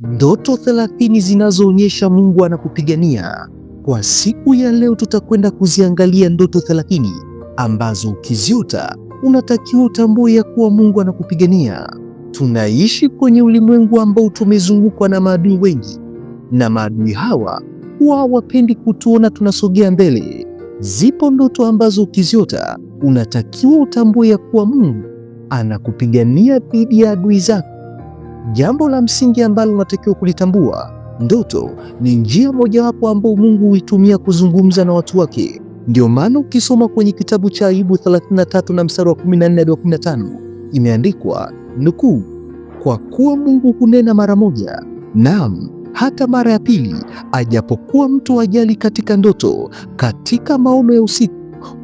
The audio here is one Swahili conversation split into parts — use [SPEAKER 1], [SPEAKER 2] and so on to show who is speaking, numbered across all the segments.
[SPEAKER 1] Ndoto thelathini zinazoonyesha Mungu anakupigania. Kwa siku ya leo, tutakwenda kuziangalia ndoto thelathini ambazo ukiziota unatakiwa utambue ya kuwa Mungu anakupigania. Tunaishi kwenye ulimwengu ambao tumezungukwa na maadui wengi, na maadui hawa huwa hawapendi kutuona tunasogea mbele. Zipo ndoto ambazo ukiziota unatakiwa utambue ya kuwa Mungu anakupigania dhidi ya adui zako. Jambo la msingi ambalo unatakiwa kulitambua, ndoto ni njia mojawapo ambayo Mungu huitumia kuzungumza na watu wake. Ndio maana ukisoma kwenye kitabu cha Ayubu 33 na mstari wa 14 hadi 15, imeandikwa nukuu, kwa kuwa Mungu hunena mara moja, naam hata mara ya pili, ajapokuwa mtu ajali katika ndoto, katika maono ya usiku,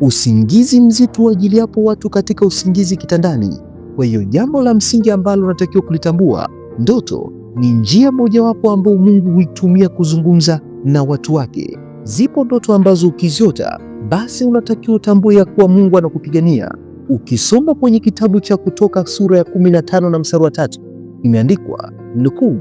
[SPEAKER 1] usingizi mzito uwajiliapo watu katika usingizi kitandani kwa hiyo jambo la msingi ambalo unatakiwa kulitambua, ndoto ni njia mojawapo ambayo Mungu huitumia kuzungumza na watu wake. Zipo ndoto ambazo ukiziota, basi unatakiwa utambue ya kuwa Mungu anakupigania. Ukisoma kwenye kitabu cha Kutoka sura ya 15 na mstari wa tatu, imeandikwa nukuu,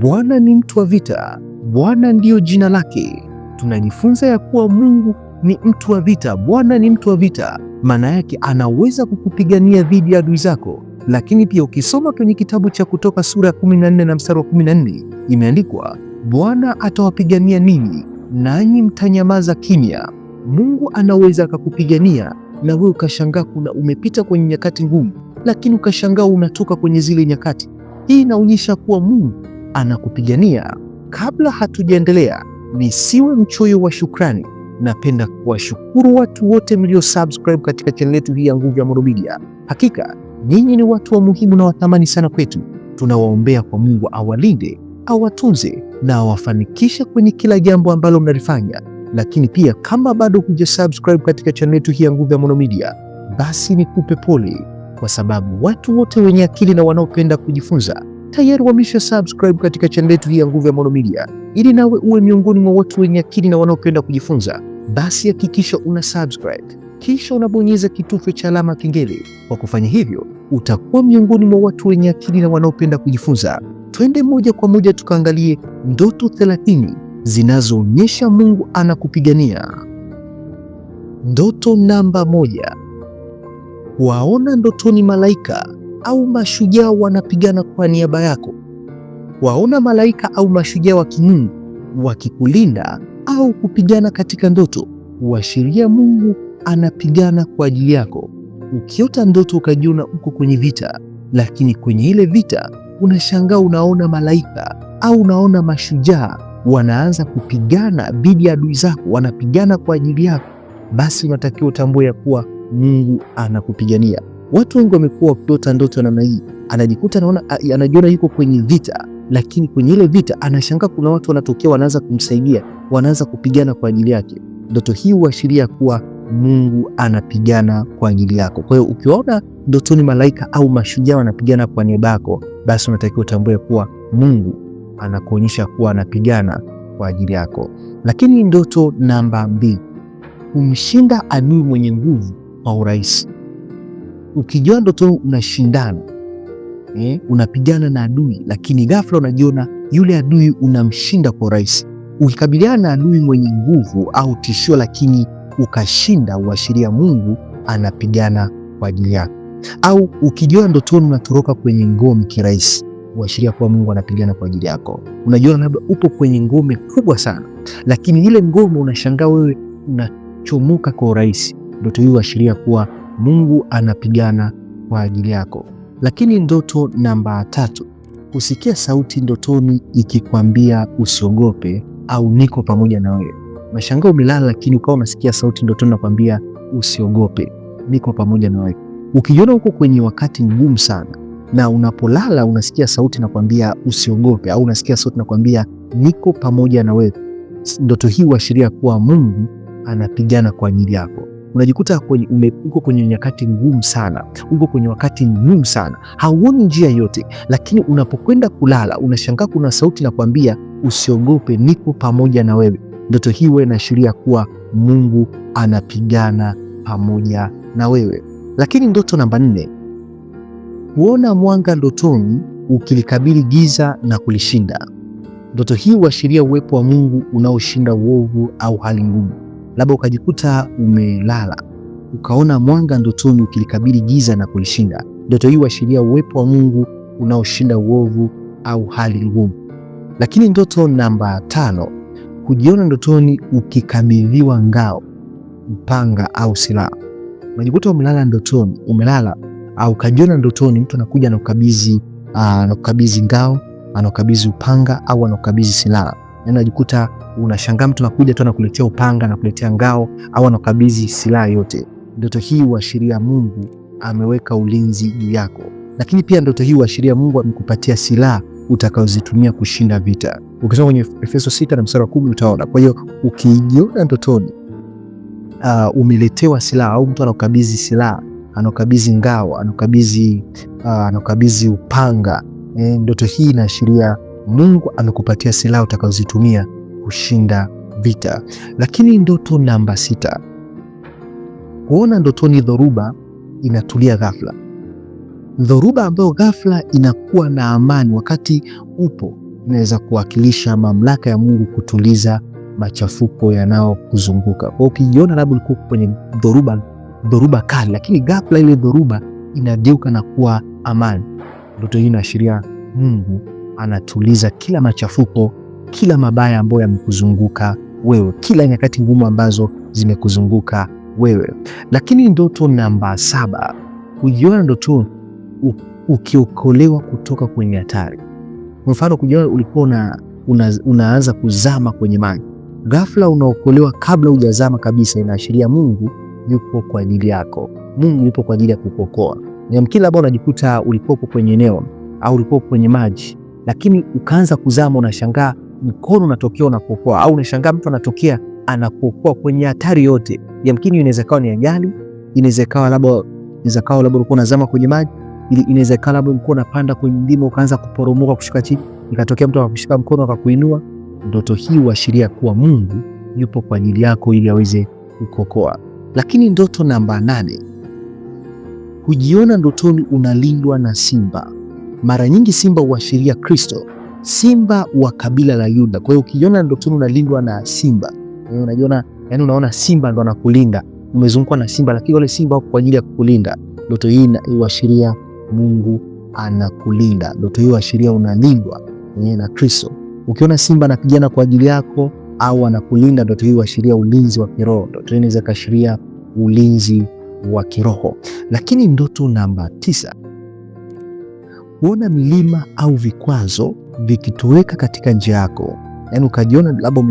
[SPEAKER 1] Bwana ni mtu wa vita, Bwana ndiyo jina lake. Tunajifunza ya kuwa Mungu ni mtu wa vita. Bwana ni mtu wa vita, maana yake anaweza kukupigania dhidi ya adui zako. Lakini pia ukisoma kwenye kitabu cha Kutoka sura ya 14 na mstari wa 14 imeandikwa, Bwana atawapigania ninyi nanyi mtanyamaza kimya. Mungu anaweza akakupigania na wewe ukashangaa, kuna umepita kwenye nyakati ngumu, lakini ukashangaa unatoka kwenye zile nyakati. Hii inaonyesha kuwa Mungu anakupigania. Kabla hatujaendelea, nisiwe mchoyo wa shukrani Napenda kuwashukuru watu wote mlio subscribe katika channel yetu hii ya Nguvu ya Maono Media. Hakika nyinyi ni watu wa muhimu na wathamani sana kwetu. Tunawaombea kwa Mungu awalinde, awatunze na awafanikishe kwenye kila jambo ambalo mnalifanya. Lakini pia kama bado huja subscribe katika channel yetu hii ya Nguvu ya Maono Media, basi nikupe pole, kwa sababu watu wote wenye akili na wanaopenda kujifunza tayari wamesha subscribe katika channel yetu hii ya Nguvu ya Maono Media ili nawe uwe miongoni mwa watu wenye akili na wanaopenda kujifunza, basi hakikisha una subscribe kisha unabonyeza kitufe cha alama kengele. Kwa kufanya hivyo, utakuwa miongoni mwa watu wenye akili na wanaopenda kujifunza. Twende moja kwa moja tukaangalie ndoto 30 zinazoonyesha Mungu anakupigania. Ndoto namba moja: waona ndotoni malaika au mashujaa wanapigana kwa niaba yako kuwaona malaika au mashujaa wa kimungu wakikulinda au kupigana katika ndoto huashiria Mungu anapigana kwa ajili yako. Ukiota ndoto ukajiona uko kwenye vita, lakini kwenye ile vita unashangaa unaona malaika au unaona mashujaa wanaanza kupigana dhidi ya adui zako, wanapigana kwa ajili yako, basi unatakiwa utambue ya kuwa Mungu anakupigania. Watu wengi wamekuwa wakiota ndoto namna hii, anajikuta anaona, anajiona yuko kwenye vita, lakini kwenye ile vita anashangaa kuna watu wanatokea, wanaanza kumsaidia, wanaanza kupigana kwa ajili yake. Ndoto hii huashiria kuwa Mungu anapigana kwa ajili yako. Kwa hiyo ukiwaona ndotoni malaika au mashujaa wanapigana kwa niaba yako, basi unatakiwa utambue kuwa Mungu anakuonyesha kuwa anapigana kwa ajili yako. Lakini ndoto namba mbili, kumshinda adui mwenye nguvu kwa urahisi. ukijua ndotoni unashindana eh, unapigana na adui, lakini ghafla unajiona yule adui unamshinda kwa urahisi. Ukikabiliana na adui mwenye nguvu au tishio, lakini ukashinda, uashiria Mungu anapigana kwa ajili yako. Au ukijiona ndotoni unatoroka kwenye ngome kirahisi, uashiria kuwa Mungu anapigana kwa ajili yako. Unajiona labda upo kwenye ngome kubwa sana, lakini ile ngome unashangaa wewe unachomoka kwa urahisi, ndoto hii uashiria kuwa Mungu anapigana kwa ajili yako. Lakini ndoto namba tatu, kusikia sauti ndotoni ikikwambia usiogope au niko pamoja na wewe. mashanga umelala, lakini ukawa unasikia sauti ndotoni nakwambia usiogope, niko pamoja na wewe. Ukijiona huko kwenye wakati mgumu sana na unapolala unasikia sauti nakwambia usiogope, au unasikia sauti nakwambia niko pamoja na wewe, ndoto hii huashiria kuwa Mungu anapigana kwa ajili yako unajikuta uko kwenye nyakati ngumu sana, uko kwenye wakati ngumu sana, hauoni njia yote, lakini unapokwenda kulala unashangaa kuna sauti nakwambia, usiogope, niko pamoja na wewe. Ndoto hii wewe inaashiria kuwa Mungu anapigana pamoja na wewe. Lakini ndoto namba nne, kuona mwanga ndotoni ukilikabili giza na kulishinda. Ndoto hii huashiria uwepo wa Mungu unaoshinda uovu au hali ngumu labda ukajikuta umelala ukaona mwanga ndotoni ukilikabili giza na kulishinda. Ndoto hii huashiria uwepo wa Mungu unaoshinda uovu au hali ngumu. Lakini ndoto namba tano, kujiona ndotoni ukikabidhiwa ngao, mpanga au silaha. Unajikuta umelala ndotoni, umelala au ukajiona ndotoni mtu anakuja anakukabidhi, ah, anakukabidhi ngao, anakukabidhi upanga au anakukabidhi silaha anajikuta yaani unashangaa mtu anakuja tu anakuletea upanga, anakuletea ngao au anakabidhi silaha yote. Ndoto hii huashiria Mungu ameweka ulinzi juu yako, lakini pia ndoto hii huashiria Mungu amekupatia silaha utakaozitumia kushinda vita. Ukisoma kwenye Efeso 6 na mstari wa 10 utaona. Kwa hiyo ukijiona ndotoni uh, umeletewa silaha au mtu anakabidhi silaha, anakabidhi ngao, anakabidhi uh, anakabidhi upanga, e, ndoto hii inaashiria Mungu amekupatia silaha utakazozitumia kushinda vita. Lakini ndoto namba sita, kuona ndotoni dhoruba inatulia ghafla, dhoruba ambayo ghafla inakuwa na amani wakati upo, inaweza kuwakilisha mamlaka ya Mungu kutuliza machafuko yanayokuzunguka. Kwa ukijiona labda ulikuwa kwenye dhoruba, dhoruba kali, lakini ghafla ile dhoruba inageuka na kuwa amani, ndoto hii inaashiria Mungu anatuliza kila machafuko, kila mabaya ambayo yamekuzunguka wewe, kila nyakati ngumu ambazo zimekuzunguka wewe. Lakini ndoto namba saba, kujiona ndoto ukiokolewa kutoka kwenye hatari. Kwa mfano, kujiona ulikuwa una, una, unaanza kuzama kwenye maji, ghafla unaokolewa kabla hujazama kabisa. Inaashiria Mungu yupo kwa ajili yako, Mungu yupo kwa ajili ya kukokoa Kila labda unajikuta ulikuwa kwenye eneo au ulikuwa kwenye maji lakini ukaanza kuzama, unashangaa mkono unatokea unakuokoa, au unashangaa mtu anatokea anakuokoa kwenye hatari yote. Yamkini inaweza kawa ni ajali, inaweza kawa labda inaweza kawa labda ulikuwa unazama kwenye maji, inaweza kawa labda ulikuwa unapanda kwenye mlima ukaanza kuporomoka kushuka chini, ikatokea mtu akakushika mkono akakuinua. Ndoto hii huashiria kuwa Mungu yupo kwa ajili yako ili aweze kukokoa. Lakini ndoto namba nane, hujiona ndotoni unalindwa na simba mara nyingi simba huashiria Kristo, simba wa kabila la Yuda. Kwa hiyo ukijiona ndotoni unalindwa na simba, unajiona yani, unaona simba ndo anakulinda, umezungukwa na simba, lakini wale simba wako kwa ajili ya kukulinda. Ndoto hii huashiria Mungu anakulinda. Ndoto hii huashiria unalindwa mwenyewe na Kristo. Ukiona simba anapigana kwa ajili yako au anakulinda, ndoto hii huashiria ulinzi wa kiroho. Ndoto hii inaweza kashiria ulinzi wa kiroho. Lakini ndoto namba tisa kuona milima au vikwazo vikitoweka katika njia yako, yaani ukajiona labda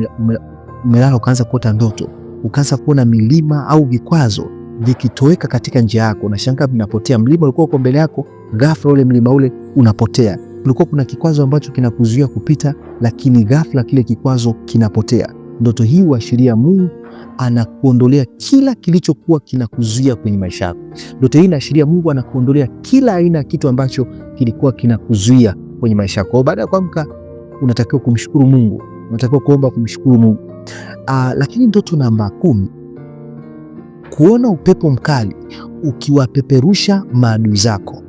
[SPEAKER 1] umelala ukaanza kuota ndoto ukaanza kuona milima au vikwazo vikitoweka katika njia yako, na shanga vinapotea. Mlima ulikuwa uko mbele yako, ghafla ule mlima ule unapotea. Kulikuwa kuna kikwazo ambacho kinakuzuia kupita, lakini ghafla kile kikwazo kinapotea. Ndoto hii huashiria Mungu anakuondolea kila kilichokuwa kinakuzuia kwenye maisha yako. Ndoto hii inaashiria Mungu anakuondolea kila aina ya kitu ambacho kilikuwa kinakuzuia kwenye maisha yako. Baada ya kuamka, unatakiwa kumshukuru Mungu, unatakiwa kuomba kumshukuru Mungu. Aa, ah, lakini ndoto namba kumi, kuona upepo mkali ukiwapeperusha maadui zako.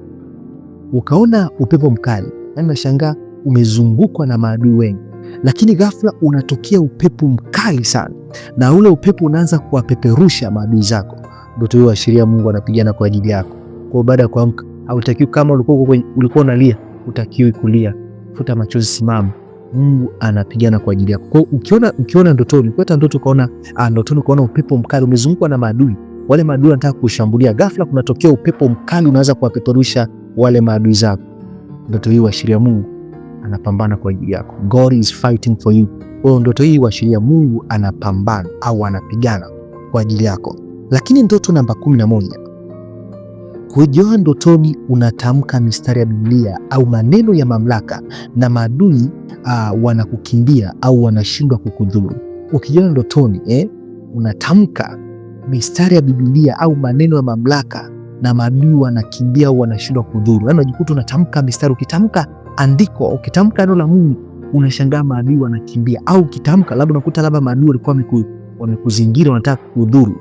[SPEAKER 1] Ukaona upepo mkali, yani nashangaa umezungukwa na maadui wengi lakini ghafla unatokea upepo mkali sana, na ule upepo unaanza kuwapeperusha maadui zako. Ndoto hiyo ashiria Mungu anapigana kwa ajili yako. Kwa baada ya kuamka, hautakiwi kama ulikuwa ulikuwa unalia, hutakiwi kulia, futa machozi, simama. Mungu anapigana kwa ajili yako. Kwa ukiona ukiona ndotoni, ukipata ndoto kaona ah, ndotoni kaona upepo mkali umezungukwa na maadui, wale maadui wanataka kushambulia, ghafla kunatokea upepo mkali unaanza kuwapeperusha wale maadui zako. Ndoto hiyo huashiria Mungu anapambana kwa ajili yako. God is fighting for you. Kwa ndoto hii huashiria Mungu anapambana au anapigana kwa ajili yako. Lakini ndoto namba 11, kujiona ndotoni unatamka mistari ya Biblia au maneno ya mamlaka na maadui uh, wanakukimbia au wanashindwa kukudhuru. Ukijiona ndotoni eh, unatamka mistari ya Biblia au maneno ya mamlaka na maadui wanakimbia au wanashindwa kudhuru. Yaani unajikuta unatamka mistari ukitamka andiko, au ukitamka neno la Mungu unashangaa maadui wanakimbia, au ukitamka labda unakuta labda maadui walikuwa wamekuzingira wanataka kudhuru,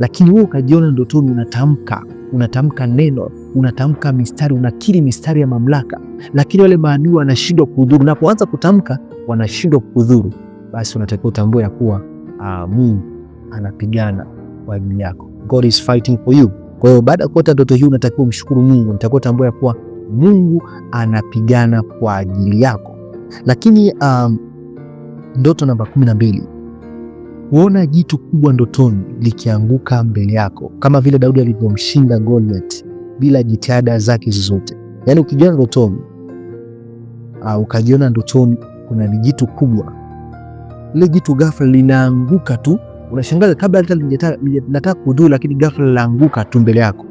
[SPEAKER 1] lakini wewe ukajiona ndotoni unatamka unatamka neno unatamka mistari unakiri mistari ya mamlaka, lakini wale maadui wanashindwa kudhuru. Unapoanza kutamka wanashindwa kudhuru, basi unatakiwa utambue ya kuwa ah, Mungu anapigana kwa ajili yako. God is fighting for you. Kwa hiyo baada ya kuota ndoto hii unatakiwa umshukuru Mungu, unatakiwa utambue ya kuwa Mungu anapigana kwa ajili yako. Lakini um, ndoto namba kumi na mbili huona jitu kubwa ndotoni likianguka mbele yako, kama vile Daudi alivyomshinda Goliath bila jitihada zake zozote. Yaani ukijiona ndotoni uh, ukajiona ndotoni kuna jitu kubwa, lile jitu ghafla linaanguka tu, unashangaza kabla hata linataka kudhuru, lakini ghafla linaanguka tu mbele yako.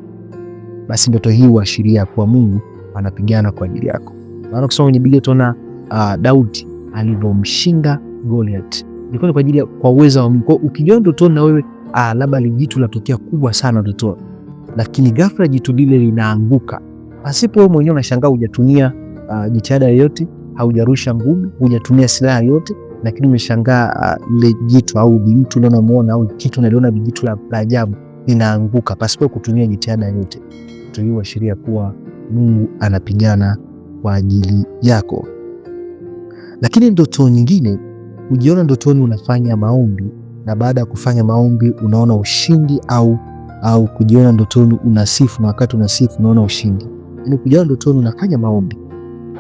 [SPEAKER 1] Basi ndoto hii huashiria kwa Mungu anapigana kwa ajili yako. Maana ukisoma kwenye Biblia utaona uh, Daudi alivyomshinda Goliath ilikuwa ni kwa ajili ya kwa uwezo wa Mungu. Ukijua ndotoni na wewe uh, labda jitu latokea kubwa sana ndotoni, lakini ghafla jitu lile linaanguka pasipo wewe mwenyewe, unashangaa hujatumia uh, jitihada yoyote, haujarusha ngumi, hujatumia silaha yoyote, lakini umeshangaa uh, lile uh, jitu au mtu unaomuona au kitu unaliona vijitu la ajabu linaanguka pasipo kutumia jitihada yoyote. Tuliwashiria kuwa Mungu anapigana kwa ajili yako. Lakini ndoto nyingine, hujiona ndotoni unafanya maombi na baada ya kufanya maombi unaona ushindi au au kujiona ndotoni unasifu na wakati unasifu unaona ushindi. Yaani kujiona ndotoni unafanya maombi.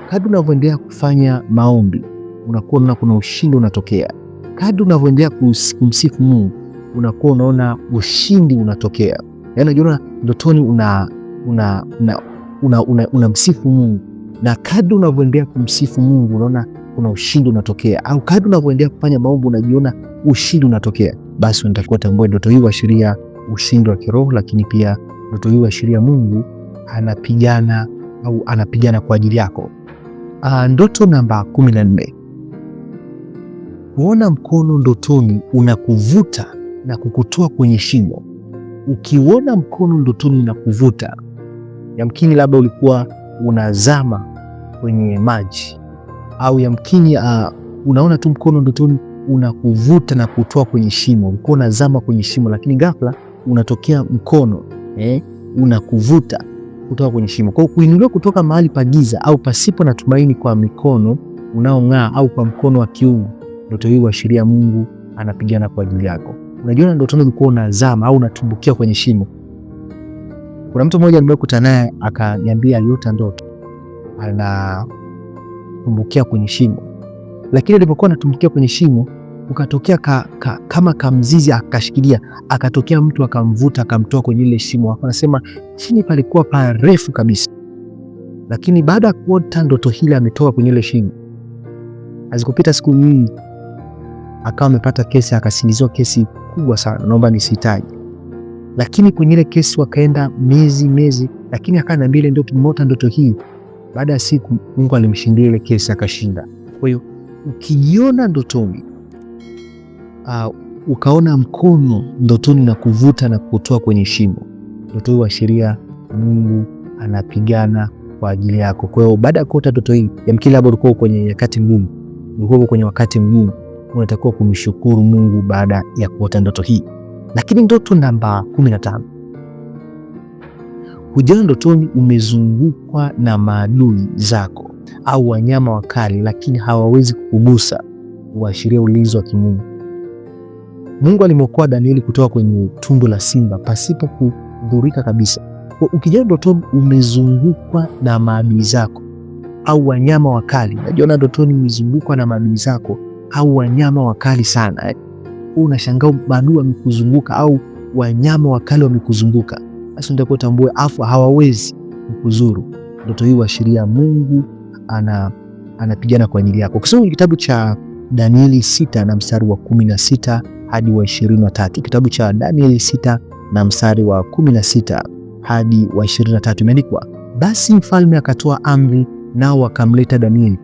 [SPEAKER 1] Kadri unavyoendelea kufanya maombi, unakuwa unaona kuna ushindi unatokea. Kadri unavyoendelea kumsifu Mungu, unakuwa unaona ushindi unatokea. Yaani unajiona ndotoni una, una, una unamsifu una, una Mungu na kadri unavyoendelea kumsifu Mungu unaona kuna ushindi unatokea, au kadri unavyoendelea kufanya maombi unajiona ushindi unatokea, basi unatakiwa tambue ndoto hii huashiria ushindi wa kiroho, lakini pia ndoto hii huashiria Mungu anapigana au anapigana kwa ajili yako. Ah, ndoto namba kumi na nne kuona mkono ndotoni unakuvuta na kukutoa kwenye shimo. ukiona mkono ndotoni unakuvuta yamkini labda ulikuwa unazama kwenye maji au yamkini uh, unaona tu mkono ndotoni unakuvuta na kutoa kwenye shimo, ulikuwa unazama kwenye shimo, lakini ghafla unatokea mkono eh, unakuvuta kutoka kwenye shimo. Kwa kuinuliwa kutoka mahali pa giza au pasipo na tumaini kwa mikono unaong'aa au kwa mkono wa kiungu, ndoto hii huashiria Mungu anapigana kwa ajili yako. Unajiona ndotoni ulikuwa unazama au unatumbukia kwenye shimo, kuna mtu mmoja nimekuta naye akaniambia aliota ndoto anatumbukia kwenye shimo, lakini alipokuwa anatumbukia kwenye shimo ukatokea ka, ka, kama kamzizi akashikilia, akatokea mtu akamvuta akamtoa kwenye ile shimo. Anasema chini palikuwa parefu kabisa, lakini baada ya kuota ndoto hili ametoka kwenye ile shimo, azikupita siku nyingi akawa amepata kesi, akasingiziwa kesi kubwa sana. Naomba nisitaje lakini kwenye ile kesi wakaenda miezi miezi, lakini akaniambia ile ndoto, nimeota ndoto hii. Baada ya siku Mungu alimshindia ile kesi akashinda. Kwa hiyo ukijiona ndotoni, uh, ukaona mkono ndotoni na kuvuta na kutoa kwenye shimo, ndoto hiyo huashiria Mungu anapigana kwa ajili yako. Kwa hiyo baada ya kuota ndoto hii, yamkini labda ulikuwa kwenye nyakati ngumu, ulikuwa kwenye wakati mgumu, unatakiwa kumshukuru Mungu baada ya kuota ndoto hii. Lakini ndoto namba 15, hujana ndotoni umezungukwa na maadui zako au wanyama wakali, lakini hawawezi kukugusa, huashiria ulinzi wa kimungu. Mungu alimwokoa Danieli kutoka kwenye tumbo la simba pasipo kudhurika kabisa. Ukijaa ndotoni umezungukwa na maadui zako au wanyama wakali, najiona ndotoni umezungukwa na maadui zako au wanyama wakali sana eh? huu unashangaa maadui wamekuzunguka au wanyama wakali wamekuzunguka, basi ndio utambue afu hawawezi kukuzuru. Ndoto hii huashiria Mungu ana anapigana kwa ajili yako. Ukisoma kitabu cha Danieli sita na mstari wa kumi na sita hadi wa ishirini na tatu kitabu cha Danieli sita na mstari wa kumi na sita hadi wa ishirini na tatu imeandikwa, basi mfalme akatoa amri, nao wakamleta Danieli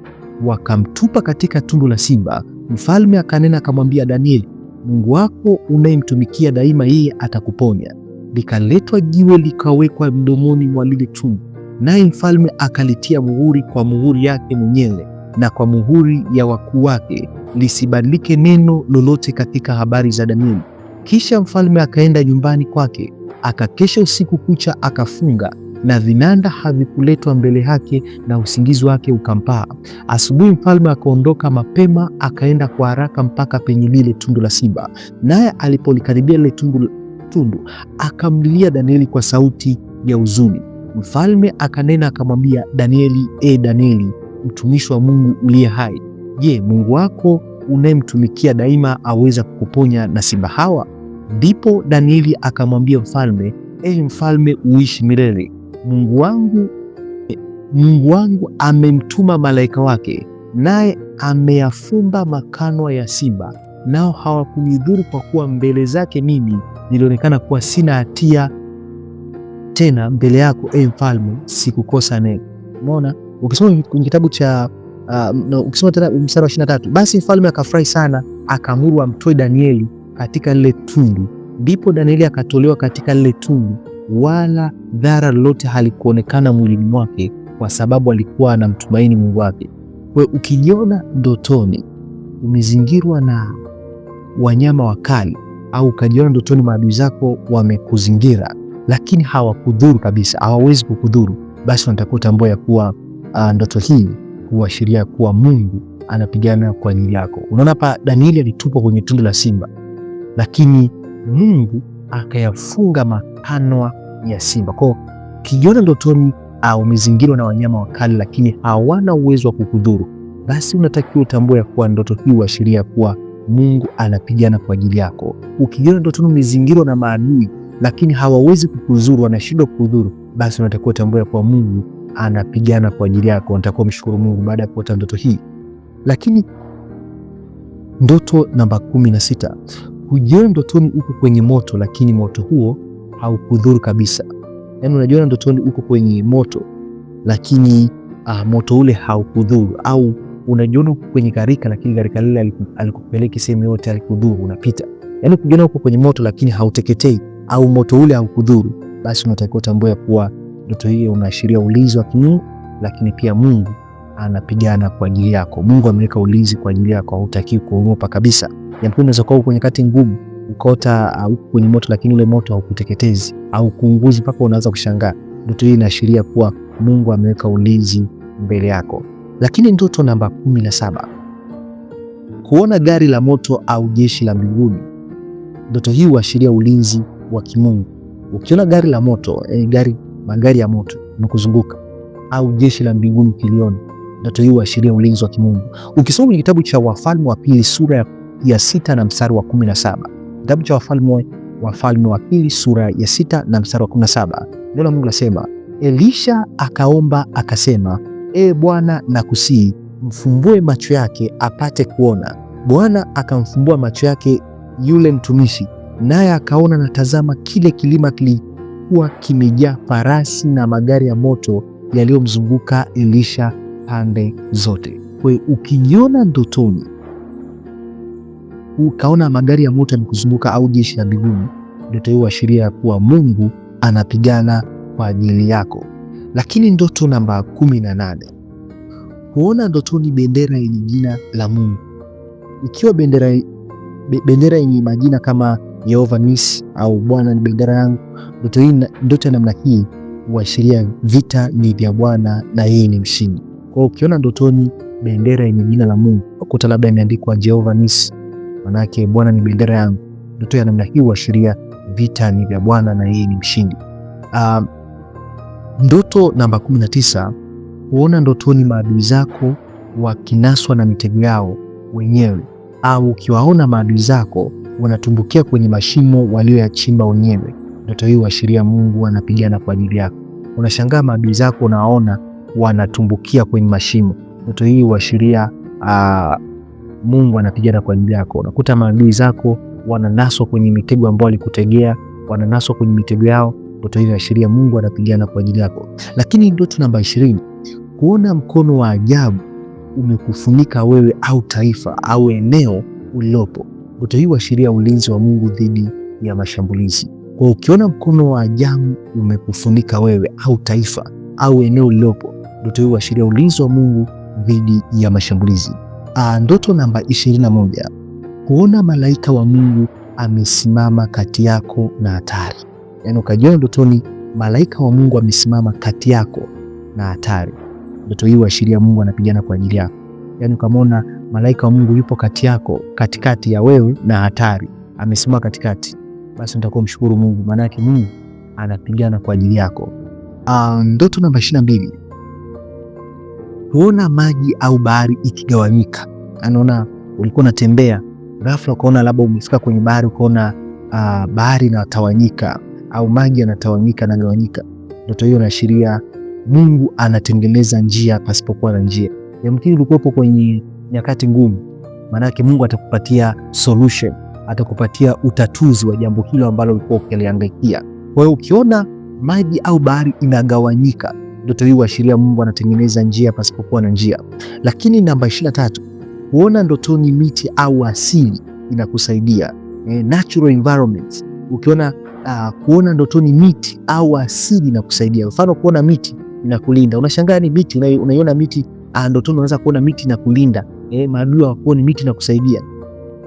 [SPEAKER 1] wakamtupa katika tundu la simba. Mfalme akanena akamwambia Danieli, Mungu wako unayemtumikia daima, yeye atakuponya. Likaletwa jiwe likawekwa mdomoni mwa lile tumbo, naye mfalme akalitia muhuri kwa muhuri yake mwenyewe na kwa muhuri ya wakuu wake, lisibadilike neno lolote katika habari za Danieli. Kisha mfalme akaenda nyumbani kwake, akakesha usiku kucha, akafunga na vinanda havikuletwa mbele yake na usingizi wake ukampaa. Asubuhi mfalme akaondoka mapema, akaenda kwa haraka mpaka penye lile tundu la simba, naye alipolikaribia lile tundu, tundu akamlilia Danieli kwa sauti ya huzuni. Mfalme akanena akamwambia Danieli, e Danieli, mtumishi wa Mungu uliye hai, je, Mungu wako unayemtumikia daima aweza kukuponya na simba hawa? Ndipo Danieli akamwambia mfalme, e mfalme, uishi milele. Mungu wangu, Mungu wangu amemtuma malaika wake, naye ameyafumba makanwa ya simba, nao hawakunidhuru, kwa kuwa mbele zake mimi nilionekana kuwa sina hatia, tena mbele yako, e mfalme, sikukosa neno. Umeona, ukisoma kwenye kitabu cha uh, no, ukisoma tena mstari wa 23, basi mfalme akafurahi sana, akaamuru amtoe Danieli katika lile tundu. Ndipo Danieli akatolewa katika lile tundu wala dhara lolote halikuonekana mwilini mwake, kwa sababu alikuwa anamtumaini Mungu wake. Kwa ukijiona ndotoni umezingirwa na wanyama wakali au ukajiona ndotoni maadui zako wamekuzingira, lakini hawakudhuru kabisa, hawawezi kukudhuru, basi unatakiwa utambua ya kuwa uh, ndoto hii huashiria kuwa Mungu anapigana kwa ajili yako. Unaona hapa Danieli alitupwa kwenye tundu la simba, lakini Mungu akayafunga makanwa ya simba. Kwa kijiona ndotoni au umezingirwa na wanyama wakali, lakini hawana uwezo wa kukudhuru, basi unatakiwa utambue ya kuwa ndoto hii huashiria kuwa Mungu anapigana kwa ajili yako. Ukijiona ndotoni umezingirwa na maadui, lakini hawawezi kukudhuru, wanashindwa kukudhuru, basi unatakiwa utambue kuwa Mungu anapigana kwa ajili yako. Unatakiwa mshukuru Mungu baada ya kuota ndoto hii. Lakini ndoto namba kumi na sita, hujiona ndotoni uko kwenye moto, lakini moto huo haukudhuru kabisa. Yaani unajiona ndotoni uko kwenye moto, lakini uh, moto ule haukudhuru, au unajiona uko kwenye gharika, lakini gharika lile alikupeleki sehemu yote, alikudhuru, unapita. Yaani ukijiona uko kwenye moto lakini hauteketei au moto ule haukudhuru, basi unatakiwa utambue kuwa ndoto hiyo unaashiria ulinzi wa kimungu, lakini pia Mungu anapigana kwa ajili yako. Mungu ameweka ulinzi kwa ajili yako, hautaki kuogopa kabisa, japo yaani unaweza kuwa kwenye kati ngumu ukota au kwenye moto, lakini ule moto haukuteketezi au kuunguzi mpaka unaanza kushangaa. Ndoto hii inaashiria kuwa Mungu ameweka ulinzi mbele yako. Lakini ndoto namba kumi na saba, kuona gari la moto au jeshi la mbinguni. Ndoto hii huashiria ulinzi wa kimungu. Ukiona gari la moto eh, gari magari ya moto nakuzunguka au jeshi la mbinguni kiliona, ndoto hii huashiria ulinzi wa kimungu. Ukisoma kwenye kitabu cha Wafalme wa Pili sura ya sita na mstari wa kumi na saba kitabu cha Wafalme Wafalme wa pili sura ya sita na mstari wa 17. Neno la Mungu lasema, Elisha akaomba akasema, E Bwana, nakusihi mfumbue macho yake apate kuona. Bwana akamfumbua macho yake yule mtumishi, naye akaona, na tazama, kile kilima kilikuwa kimejaa farasi na magari ya moto yaliyomzunguka Elisha pande zote. Kwa hiyo ukijiona ndotoni ukaona magari ya moto yamekuzunguka au jeshi la mbinguni, ndoto hiyo huashiria kuwa Mungu anapigana kwa ajili yako. Lakini ndoto namba kumi na nane huona ndotoni bendera yenye jina la Mungu. Ikiwa bendera bendera yenye majina kama Yehova Nisi au Bwana ni bendera yangu, ndoto hii, ndoto ya namna hii huashiria vita ni vya Bwana na yeye ni mshindi. Kwa hiyo ukiona ndotoni bendera yenye jina la Mungu, ukuta labda imeandikwa Jehova Nisi Manake Bwana ni bendera yangu. Ndoto ya namna hii huashiria vita ni vya Bwana na yeye ni mshindi. Uh, ndoto namba 19, huona ndotoni maadui zako wakinaswa na mitego yao wenyewe, au ukiwaona maadui zako wanatumbukia kwenye mashimo walioyachimba wenyewe. Ndoto hii huashiria Mungu anapigana kwa ajili yako. Unashangaa maadui zako unawaona wanatumbukia kwenye mashimo. Ndoto hii huashiria uh, Mungu anapigana kwa ajili yako. Unakuta maadui zako wananaswa kwenye mitego ambayo walikutegea, wananaswa kwenye mitego yao. Ndoto hiyo inaashiria Mungu anapigana kwa ajili yako. Lakini ndoto namba ishirini, kuona mkono wa ajabu umekufunika wewe au taifa au eneo ulilopo. Ndoto hii huashiria ulinzi wa Mungu dhidi ya mashambulizi. Kwa ukiona mkono wa ajabu umekufunika wewe au taifa au eneo ulilopo, ndoto hii huashiria ulinzi wa Mungu dhidi ya mashambulizi. A, ah, ndoto namba 21 kuona malaika wa Mungu amesimama kati yako na hatari. Yaani ukajiona ndotoni malaika wa Mungu amesimama kati yako na hatari. Ndoto hii huashiria Mungu anapigana kwa ajili yako. Yaani ukamwona malaika wa Mungu yupo kati yako, katikati ya wewe na hatari, amesimama katikati, basi nitakuwa mshukuru Mungu, maana Mungu anapigana kwa ajili yako. A, ah, ndoto namba mbili kuona maji au bahari ikigawanyika. Anaona ulikuwa unatembea ghafla ukaona labda umefika kwenye bahari ukaona uh, bahari inatawanyika au maji yanatawanyika nagawanyika. Ndoto hiyo inaashiria Mungu anatengeneza njia pasipokuwa na njia. Yamkini ulikuwepo kwenye nyakati ngumu, maanake Mungu atakupatia solution, atakupatia utatuzi wa jambo hilo ambalo ulikuwa ukiliangaikia. Kwa hiyo ukiona maji au bahari inagawanyika Ndoto hii huashiria Mungu anatengeneza njia pasipokuwa na njia. Lakini namba 23, huona ndotoni miti au asili inakusaidia. E, natural environment. Ukiona uh, kuona ndotoni miti au asili inakusaidia. Mfano kuona miti inakulinda. Unashangaa ni miti unaiona miti uh, ndotoni unaweza kuona miti inakulinda. eh, maadui hawakuoni, miti inakusaidia.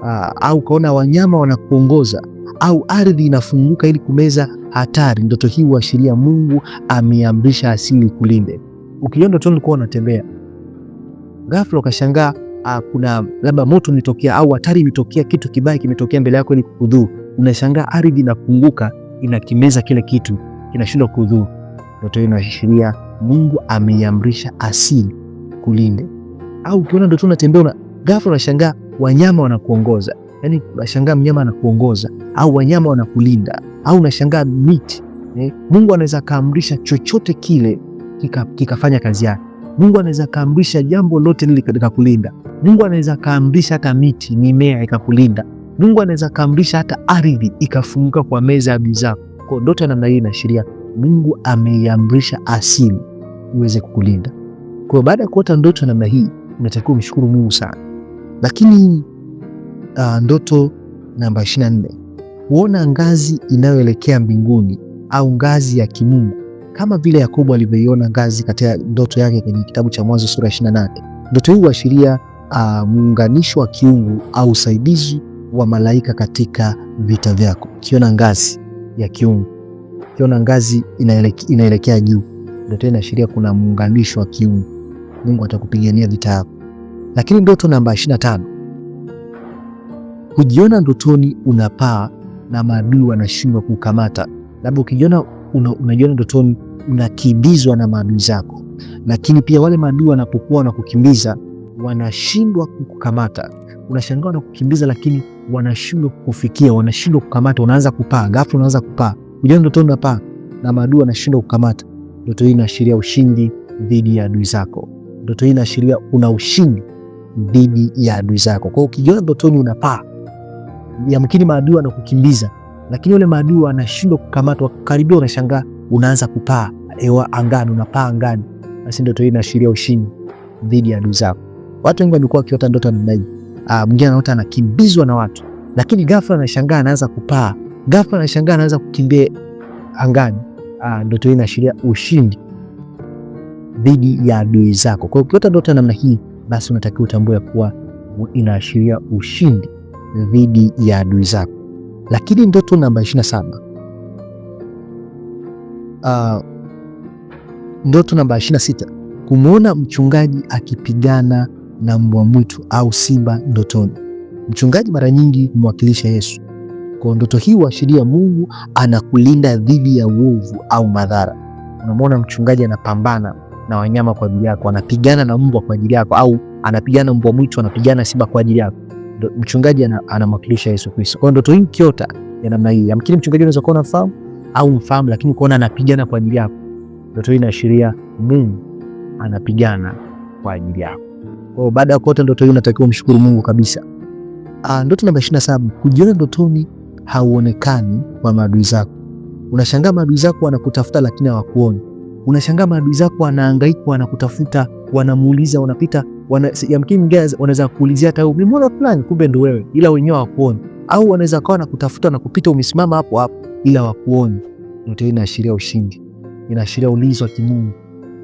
[SPEAKER 1] Uh, au kaona wanyama wanakuongoza au ardhi inafunguka ili kumeza hatari. Ndoto hii huashiria Mungu ameamrisha asili kulinde. Ukiona ndotoni ulikuwa unatembea ghafla ukashangaa ah, kuna labda moto umetokea au hatari imetokea, kitu kibaya kimetokea mbele yako ili kukudhuru. Unashangaa ardhi inafunguka inakimeza kile kitu, kinashindwa kudhuru. Ndoto hii inaashiria Mungu ameamrisha asili kulinde. Au ukiona ndoto unatembea ghafla unashangaa wanyama wanakuongoza yani unashangaa mnyama anakuongoza au wanyama wanakulinda au unashangaa miti eh. Mungu anaweza akaamrisha chochote kile kikafanya kika kazi yake. Mungu anaweza akaamrisha jambo lote lile likakulinda. Mungu anaweza akaamrisha hata miti, mimea ikakulinda. Mungu anaweza akaamrisha hata ardhi ikafunguka kwa meza ya bizaa. Kwa ndoto ya namna hiyo inaashiria Mungu ameiamrisha asili iweze kukulinda. Kwa baada ya kuota ndoto ya namna hii, unatakiwa umshukuru Mungu sana, lakini uh, ndoto namba 24 huona ngazi inayoelekea mbinguni au ngazi ya kimungu kama vile Yakobo alivyoiona ngazi katika ndoto yake kwenye kitabu cha Mwanzo sura 28. Ndoto hii huashiria uh, muunganisho wa kiungu au usaidizi wa malaika katika vita vyako. Ukiona ngazi ya kiungu, ukiona ngazi inaelekea, inaelekea juu, ndoto inaashiria kuna muunganisho wa kiungu, Mungu atakupigania vita yako. Lakini ndoto namba kujiona ndotoni unapaa na maadui wanashindwa kukamata, labda ukijiona una, unajiona ndotoni unakimbizwa na maadui zako, lakini pia wale maadui wanapokuwa wanakukimbiza wanashindwa kukukamata. Unashangaa wanakukimbiza, lakini wanashindwa kukufikia, wanashindwa kukamata. Unaanza kupaa ghafla, unaanza kupaa, unajiona ndotoni unapaa na maadui wanashindwa kukamata. Ndoto hii inaashiria ushindi dhidi ya adui zako. Ndoto hii inaashiria una ushindi dhidi ya adui zako. Kwa hiyo ukijiona ndotoni unapaa yamkini maadui anakukimbiza, lakini yule maadui anashindwa kukamatwa, karibia unashangaa unaanza kupaa hewa angani, unapaa angani. Basi ndoto hii inaashiria ushindi dhidi ya adui zako. Watu wengi wamekuwa wakiota ndoto namna hii. Ah, mwingine anaota anakimbizwa na watu, lakini ghafla anashangaa anaanza kupaa, ghafla anashangaa anaanza kukimbia angani. Ah, ndoto hii inaashiria ushindi dhidi ya adui zako. Kwa hiyo ukiota ndoto namna hii, basi unatakiwa utambue kuwa inaashiria ushindi dhidi ya adui zako. Lakini ndoto namba 27, uh, ah, ndoto namba 26, kumwona mchungaji akipigana na mbwa mwitu au simba ndotoni. Mchungaji mara nyingi humwakilisha Yesu. Kwa ndoto hii huashiria Mungu anakulinda dhidi ya uovu au madhara. Unamwona mchungaji anapambana na wanyama kwa ajili yako, anapigana na mbwa kwa ajili yako, au anapigana mbwa mwitu, anapigana simba kwa ajili yako mchungaji anamwakilisha Yesu Kristo. Kwa hiyo ndoto hii kiota ya namna hii, yamkini mchungaji unaweza kuona mfahamu au mfahamu, lakini kuona anapigana kwa ajili yako. Ndoto hii inaashiria Mungu anapigana kwa ajili yako. Kwa hiyo baada ya kuota ndoto hii unatakiwa mshukuru Mungu kabisa. Ah, ndoto namba 27, kujiona ndotoni hauonekani kwa maadui zako. Unashangaa maadui zako wanakutafuta lakini hawakuoni. Unashangaa maadui zako wanahangaika, wanakutafuta, wanamuuliza, wanapita yamkini guys wanaweza kuulizia hata wewe mbona fulani, kumbe ndio wewe, ila wenyewe hawakuoni, au wanaweza kawa na kutafuta na kupita umesimama hapo hapo, ila hawakuoni. Ndio inaashiria ushindi, inaashiria ulinzi wa kimungu,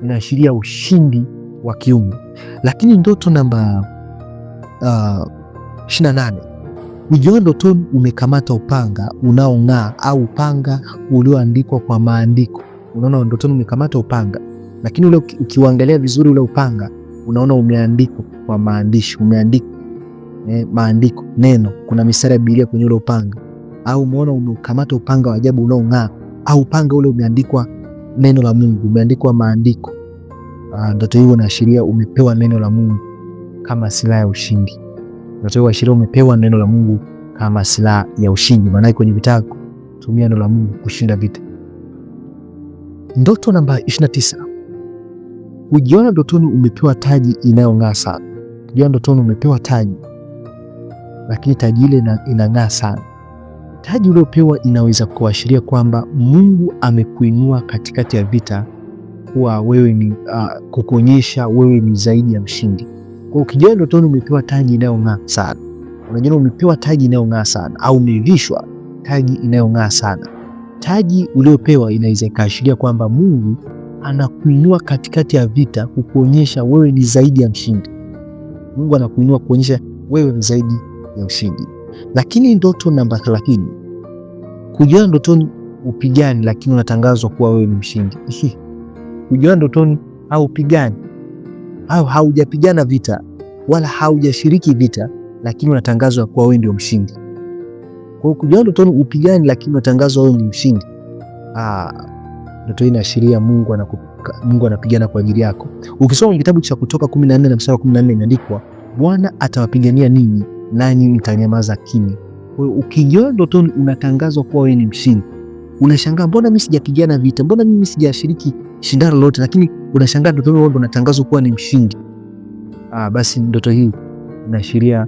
[SPEAKER 1] inaashiria ushindi wa kiungu. Lakini ndoto namba uh, 28 ujione ndotoni umekamata upanga unaong'aa au upanga ulioandikwa kwa maandiko. Unaona ndotoni umekamata upanga, lakini ule ukiuangalia vizuri ule upanga unaona umeandikwa kwa maandishi, umeandikwa eh, maandiko neno, kuna mistari ya Biblia kwenye ule upanga, au umeona umekamata upanga wa ajabu unaong'aa, au upanga ule umeandikwa neno la Mungu, umeandikwa maandiko. Ah, ndoto hiyo inaashiria umepewa neno la Mungu kama silaha ya ushindi. Ndoto hiyo inaashiria umepewa neno la Mungu kama silaha ya ushindi. Maana kwenye vitako tumia neno la Mungu kushinda vita. Ndoto namba 29 Ujiona ndotoni umepewa taji inayong'aa sana. Ujiona ndotoni umepewa taji, lakini taji ile inang'aa sana. Taji uliopewa inaweza kuashiria kwamba Mungu amekuinua katikati ya vita, kuwa wewe ni uh, kukuonyesha wewe ni zaidi ya mshindi. Kwa ukijiona ndotoni umepewa taji inayong'aa sana, unajiona umepewa taji inayong'aa sana, au umevishwa taji inayong'aa sana. Taji uliopewa inaweza ikaashiria kwamba Mungu anakuinua katikati ya vita kukuonyesha wewe ni zaidi ya mshindi. Mungu anakuinua kuonyesha wewe ni zaidi ya mshindi. Lakini ndoto namba 30, kujiona ndotoni upigani, lakini unatangazwa kuwa wewe ni mshindi. Kujiona ndotoni haupigani au haujapigana vita wala haujashiriki vita, lakini unatangazwa kuwa wewe ndio mshindi. Kwa hiyo kujiona ndotoni upigani, lakini unatangazwa wewe ni mshindi. Ah, ndoto hii inaashiria Mungu anakupa, Mungu anapigana kwa ajili yako. Ukisoma kitabu cha Kutoka 14 na mstari wa 14 imeandikwa, Bwana atawapigania ninyi nanyi mtanyamaza kimya. Kwa hiyo ukijiona ndotoni unatangazwa kuwa wewe ni mshindi. Unashangaa, mbona mimi sijapigana vita, mbona mimi sijashiriki shindano lolote, lakini unashangaa ndotoni wewe unatangazwa kuwa ni mshindi. Ah, basi ndoto hii inaashiria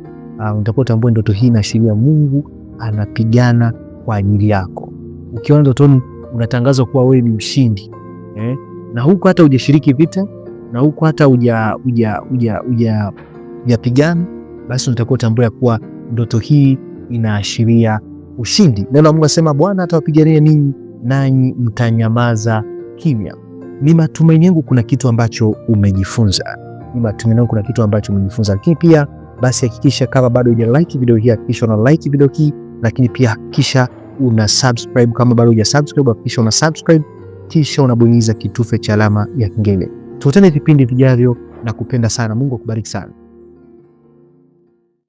[SPEAKER 1] uh, utakuwa tambua ndoto hii inaashiria Mungu anapigana kwa ajili yako. Ukiona ndotoni unatangazwa kuwa wewe ni mshindi eh? na huku hata hujashiriki vita na huku hata hujapigana, basi unatakiwa utambue kuwa ndoto hii inaashiria ushindi. Neno la Mungu asema Bwana atawapigania ninyi nanyi mtanyamaza kimya. Ni matumaini yangu kuna kitu ambacho umejifunza, ni matumaini yangu kuna kitu ambacho umejifunza. Lakini pia basi hakikisha kama bado hujalike video hii, hakikisha una like video hii, lakini pia hakikisha una subscribe. Kama bado huja subscribe, hakikisha una subscribe kisha unabonyeza kitufe cha alama ya kengele. Tukutane vipindi vijavyo na kupenda sana. Mungu akubariki sana.